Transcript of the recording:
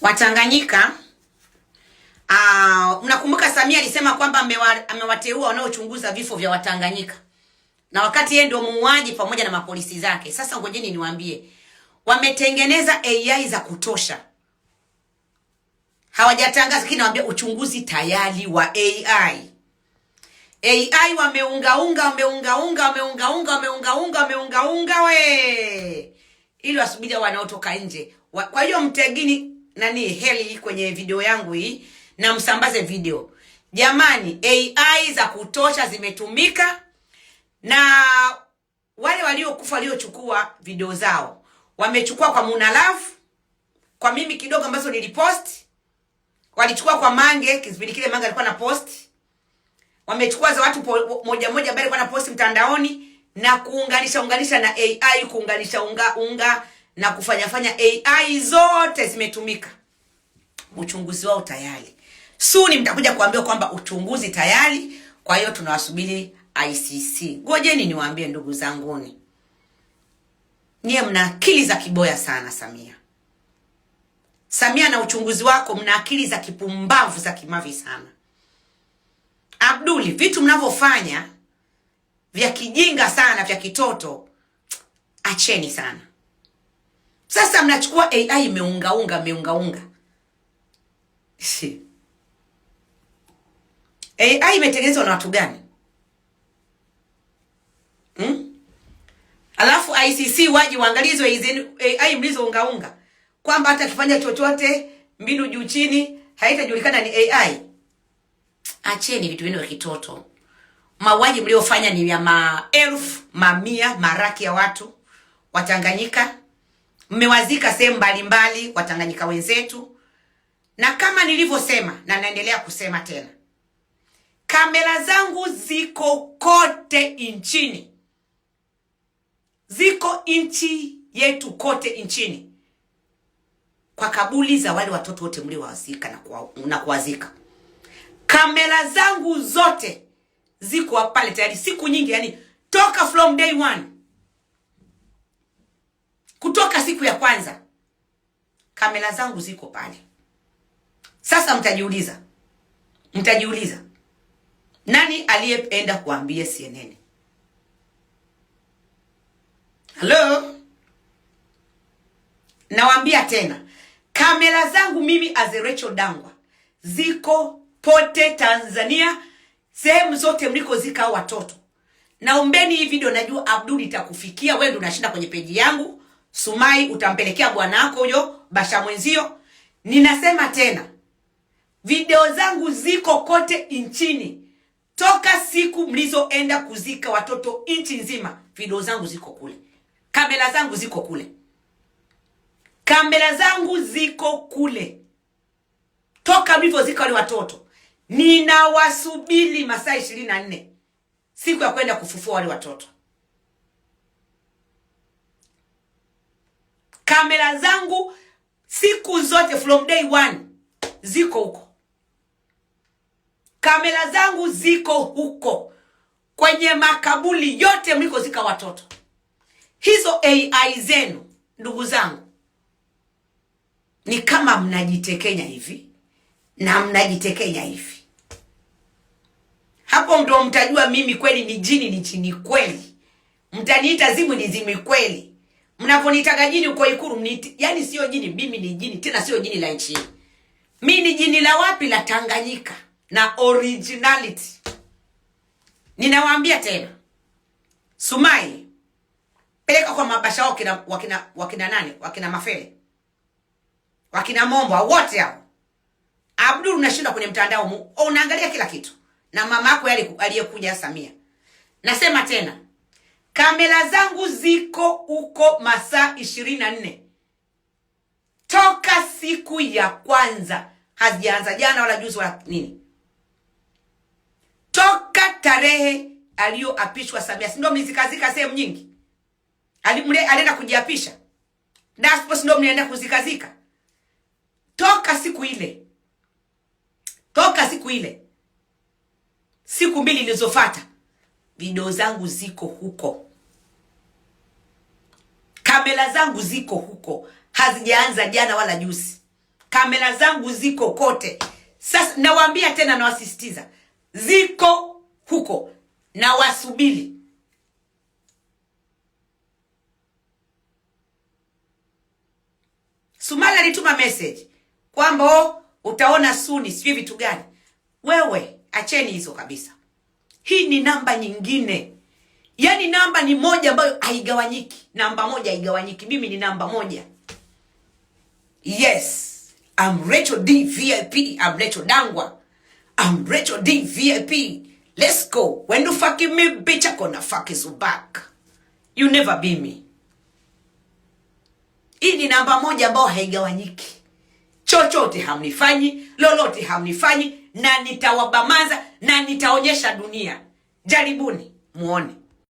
Watanganyika uh, ah, mnakumbuka Samia alisema kwamba amewateua wanaochunguza vifo vya Watanganyika na wakati yeye ndio muuaji pamoja na mapolisi zake. Sasa ngojeni niwaambie, wametengeneza AI za kutosha, hawajatangaza lakini nawaambia uchunguzi tayari wa AI. AI wameungaunga wameungaunga wameungaunga wameungaunga wameungaunga we ili wasubiri wanaotoka nje. Kwa hiyo mtegini nani heli kwenye video yangu hii na msambaze video. Jamani, AI za kutosha zimetumika na wale waliokufa waliochukua video zao wamechukua kwa love kwa mimi kidogo ambazo nilipost, walichukua kwa Mange, kipindi kile Mange alikuwa na post, wamechukua za watu po, moja moja ambaye alikuwa na post mtandaoni na kuunganisha unganisha na AI kuunganisha unga unga na fanya AI zote zimetumika, uchunguzi wao tayari. Suni mtakuja kuambiwa kwamba uchunguzi tayari, kwa hiyo tunawasubiri ICC. Ngojeni niwaambie ndugu zanguni, niye mna akili za kiboya sana. Samia, Samia na uchunguzi wako, mna akili za kipumbavu za kimavi sana. Abduli, vitu mnavyofanya vya kijinga sana vya kitoto, acheni sana. Sasa mnachukua AI imeungaunga imeungaunga. AI imetengenezwa na watu gani? Hmm? Alafu ICC waji waangalizwe hizi AI mlizoungaunga kwamba hata kifanya chochote mbinu juu chini haitajulikana ni AI. Acheni vitu vino kitoto. Mauaji mliofanya ni ya maelfu, mamia, maraki ya watu Watanganyika mmewazika sehemu mbalimbali Watanganyika wenzetu, na kama nilivyosema na naendelea kusema tena, kamera zangu ziko kote nchini, ziko nchi yetu kote nchini, kwa kaburi za wale watoto wote mliowazika na kuwazika. Kamera zangu zote ziko pale tayari siku nyingi, yani toka from day one kutoka siku ya kwanza. Kamera zangu ziko pale. Sasa mtajiuliza, mtajiuliza nani aliyeenda kuambia CNN? Halo, nawaambia tena, kamera zangu mimi as Rachel Dangwa ziko pote Tanzania, sehemu zote mliko zika watoto. Naombeni hii video, najua Abdul itakufikia wewe, ndio unashinda kwenye peji yangu Sumai utampelekea bwanako huyo Basha mwenzio. Ninasema tena, video zangu ziko kote nchini, toka siku mlizoenda kuzika watoto nchi nzima, video zangu ziko kule, kamera zangu ziko kule, kamera zangu ziko kule, toka mlivyozika wale watoto. Ninawasubiri masaa ishirini na nne siku ya kwenda kufufua wale watoto. kamera zangu siku zote from day one ziko huko, kamera zangu ziko huko kwenye makaburi yote mlikozika watoto. Hizo AI zenu ndugu zangu, ni kama mnajitekenya hivi na mnajitekenya hivi. Hapo ndo mtajua mimi kweli ni jini ni jini kweli, mtaniita zimu ni zimu kweli mnaponitaga jini uko Ikulu mniti, yani sio jini, mimi ni jini tena, sio jini la nchi mi, ni jini la wapi? La Tanganyika na originality. Ninawaambia tena, Sumai peleka kwa mabasha wao, wakina, wakina, wakina nani, wakina Mafele, wakina Momba, wote hao. Abdul, unashinda kwenye mtandao, unaangalia kila kitu na mama yako aliyekuja Samia. Nasema tena Kamera zangu ziko huko masaa ishirini na nne toka siku ya kwanza, hazijaanza jana wala juzi wala nini, toka tarehe aliyoapishwa Samia, si ndio? Mlizikazika sehemu nyingi, alienda kujiapisha Daspo, si ndio? kuzikazika toka siku ile, toka siku ile, siku mbili ilizofuata video zangu ziko huko. Kamera zangu ziko huko, hazijaanza jana wala juzi. Kamera zangu ziko kote. Sasa nawaambia tena, nawasisitiza, ziko huko na wasubiri. Sumali alituma message kwamba oh, utaona suni, sijui vitu gani. Wewe acheni hizo kabisa, hii ni namba nyingine yani namba ni moja ambayo haigawanyiki, namba moja haigawanyiki. Mimi ni namba moja. Yes, I'm Rachel D VIP, I'm Rachel Dangwa, I'm Rachel D VIP. Let's go. When you fucking me bitch, I'm gonna fuck you back. You never be me. Hii ni namba moja ambayo haigawanyiki. Chochote hamnifanyi, lolote hamnifanyi, na nitawabamaza na nitaonyesha dunia. Jaribuni muone.